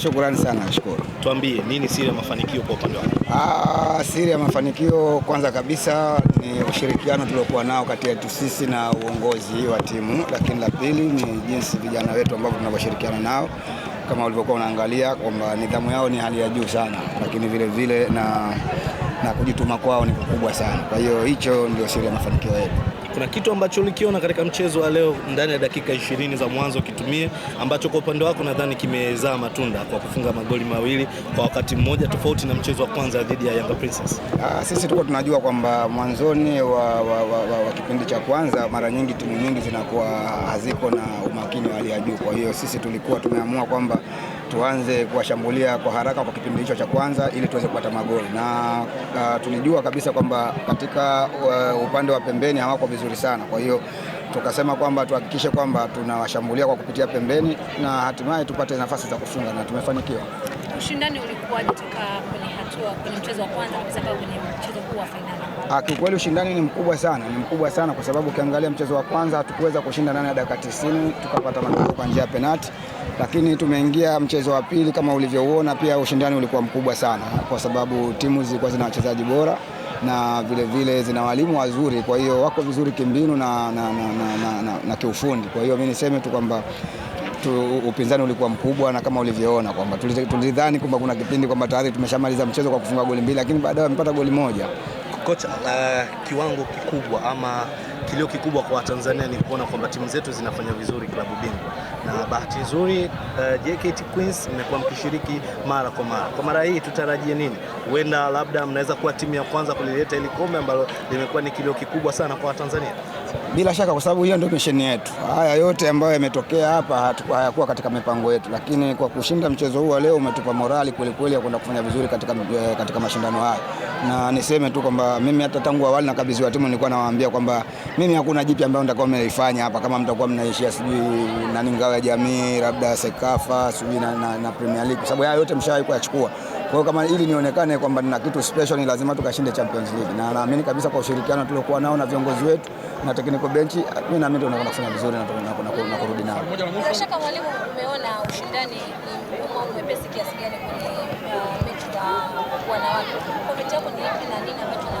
Shukrani sana, nashukuru. Tuambie, nini siri ya mafanikio kwa upande wako? Ah, siri ya mafanikio kwanza kabisa ni ushirikiano tuliokuwa nao kati yetu sisi na uongozi wa timu, lakini la pili ni jinsi vijana wetu ambavyo tunavyoshirikiana nao kama ulivyokuwa unaangalia kwamba nidhamu yao ni hali ya juu sana, lakini vile vile na, na kujituma kwao ni kukubwa sana. Kwa hiyo hicho ndio siri ya mafanikio yetu kuna kitu ambacho ulikiona katika mchezo wa leo ndani ya dakika ishirini za mwanzo kitumie, ambacho kwa upande wako nadhani kimezaa matunda kwa kufunga magoli mawili kwa wakati mmoja, tofauti na mchezo wa kwanza dhidi ya Yanga Princess. Ah, sisi tulikuwa tunajua kwamba mwanzoni wa, wa, wa, wa, wa kipindi cha kwanza mara nyingi timu nyingi zinakuwa haziko na umakini wa hali ya juu, kwa hiyo sisi tulikuwa tumeamua kwamba tuanze kuwashambulia kwa haraka kwa kipindi hicho cha kwanza ili tuweze kupata magoli na uh, tulijua kabisa kwamba katika uh, upande wa pembeni hawako vizuri vizuri sana. Kwa hiyo tukasema kwamba tuhakikishe kwamba tunawashambulia kwa kupitia pembeni na hatimaye tupate nafasi za kufunga na tumefanikiwa. Ushindani ulikuwa katika kwenye hatua kwenye mchezo wa kwanza sababu kwenye mchezo huu wa fainali. Ah, kiukweli ushindani ni mkubwa sana, ni mkubwa sana kwa sababu ukiangalia mchezo wa kwanza hatukuweza kushinda ndani ya dakika 90 tukapata matokeo kwa njia ya penalti, lakini tumeingia mchezo wa pili kama ulivyouona, pia ushindani ulikuwa mkubwa sana kwa sababu timu zilikuwa zina wachezaji bora na vilevile vile zina walimu wazuri, kwa hiyo wako vizuri kimbinu na, na, na, na, na, na, na kiufundi. Kwa hiyo mi niseme tu kwamba tu, upinzani ulikuwa mkubwa na kama ulivyoona kwamba tulidhani kwamba kuna kipindi kwamba tayari tumeshamaliza mchezo kwa kufunga goli mbili, lakini baadaye wamepata goli moja kocha, uh, kiwango kikubwa ama kilio kikubwa kwa Tanzania ni kuona kwamba timu zetu zinafanya vizuri klabu bingwa, na bahati nzuri uh, eh, JKT Queens mmekuwa mkishiriki mara kwa mara. Kwa mara hii tutarajie nini? Huenda labda mnaweza kuwa timu ya kwanza kulileta ile kombe ambalo limekuwa ni kilio kikubwa sana kwa Tanzania bila shaka, kwa sababu hiyo ndio misheni yetu. Haya yote ambayo yametokea hapa hayakuwa katika mipango yetu, lakini kwa kushinda mchezo huu leo umetupa morali kweli kweli ya kwenda kufanya vizuri katika, eh, katika mashindano haya, na niseme tu kwamba mimi hata tangu awali nakabidhiwa timu nilikuwa nawaambia kwamba mimi hakuna jipya ambayo nitakuwa nimeifanya hapa, kama mtakuwa mnaishia sijui nani, ngao ya jamii, labda Sekafa sijui na, na, na Premier League, kwa sababu haya yote mshawahi kuyachukua. Kwa hiyo kama ili nionekane kwamba nina kitu special, ni lazima tukashinde Champions League, na naamini kabisa kwa ushirikiano tuliokuwa nao na viongozi wetu na technical bench, mimi naamini tunakwenda kufanya vizuri na kurudi nao. Bila shaka, mwalimu, umeona ushindani ni mgumu mwepesi kiasi gani kwenye uh, mechi za wanawake, kwa mechi yako ni ipi na nini ambacho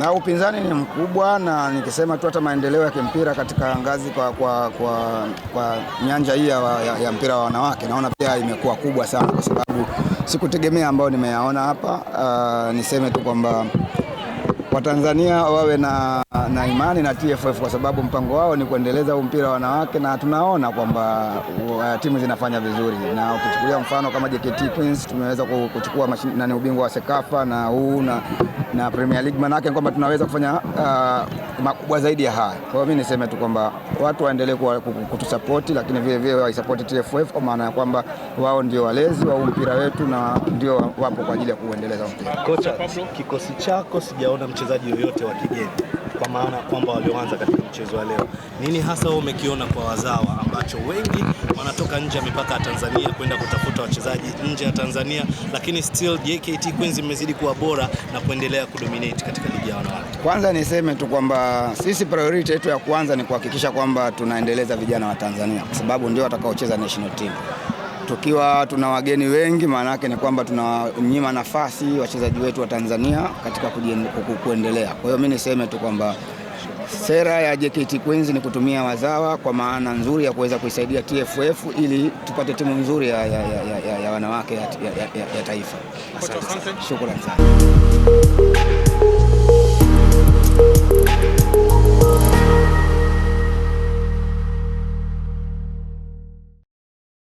na upinzani ni mkubwa, na nikisema tu hata maendeleo ya kimpira katika ngazi kwa, kwa, kwa, kwa nyanja hii ya, ya, ya mpira wa wanawake naona pia imekuwa kubwa sana, kwa sababu sikutegemea ambayo nimeyaona hapa. Uh, niseme tu kwamba Watanzania wawe na, na imani na TFF kwa sababu mpango wao ni kuendeleza huu mpira wa wanawake, na tunaona kwamba uh, timu zinafanya vizuri, na ukichukulia mfano kama JKT Queens tumeweza kuchukua mashindano ya ubingwa wa Sekafa na huu na, na Premier League, maana yake kwamba tunaweza kufanya uh, makubwa zaidi ya haya. Kwa hiyo mimi niseme tu kwamba watu waendelee kutusapoti, lakini vilevile waisapoti TFF kwa maana ya kwamba wao ndio walezi wa mpira wetu na ndio wapo kwa ajili ya kuendeleza mpira. Kocha, kikosi chako sijaona mchezaji yoyote wa kigeni kwa maana kwamba walioanza katika mchezo wa leo. Nini hasa wewe umekiona kwa wazawa ambacho wengi wanatoka nje ya mipaka ya Tanzania kwenda kutafuta wachezaji nje ya Tanzania, lakini still JKT Queens imezidi kuwa bora na kuendelea kudominate katika ligi ya wanawake? Kwanza niseme tu kwamba sisi priority yetu ya kwanza ni kuhakikisha kwamba tunaendeleza vijana wa Tanzania kwa sababu ndio watakaocheza national team tukiwa tuna wageni wengi, maana yake ni kwamba tunanyima nafasi wachezaji wetu wa Tanzania katika kuendelea. Kwa hiyo mimi niseme tu kwamba sera ya JKT Queens ni kutumia wazawa kwa maana nzuri ya kuweza kuisaidia TFF ili tupate timu nzuri ya, ya, ya, ya, ya wanawake ya, ya, ya, ya taifa. Asante Shukrani sana.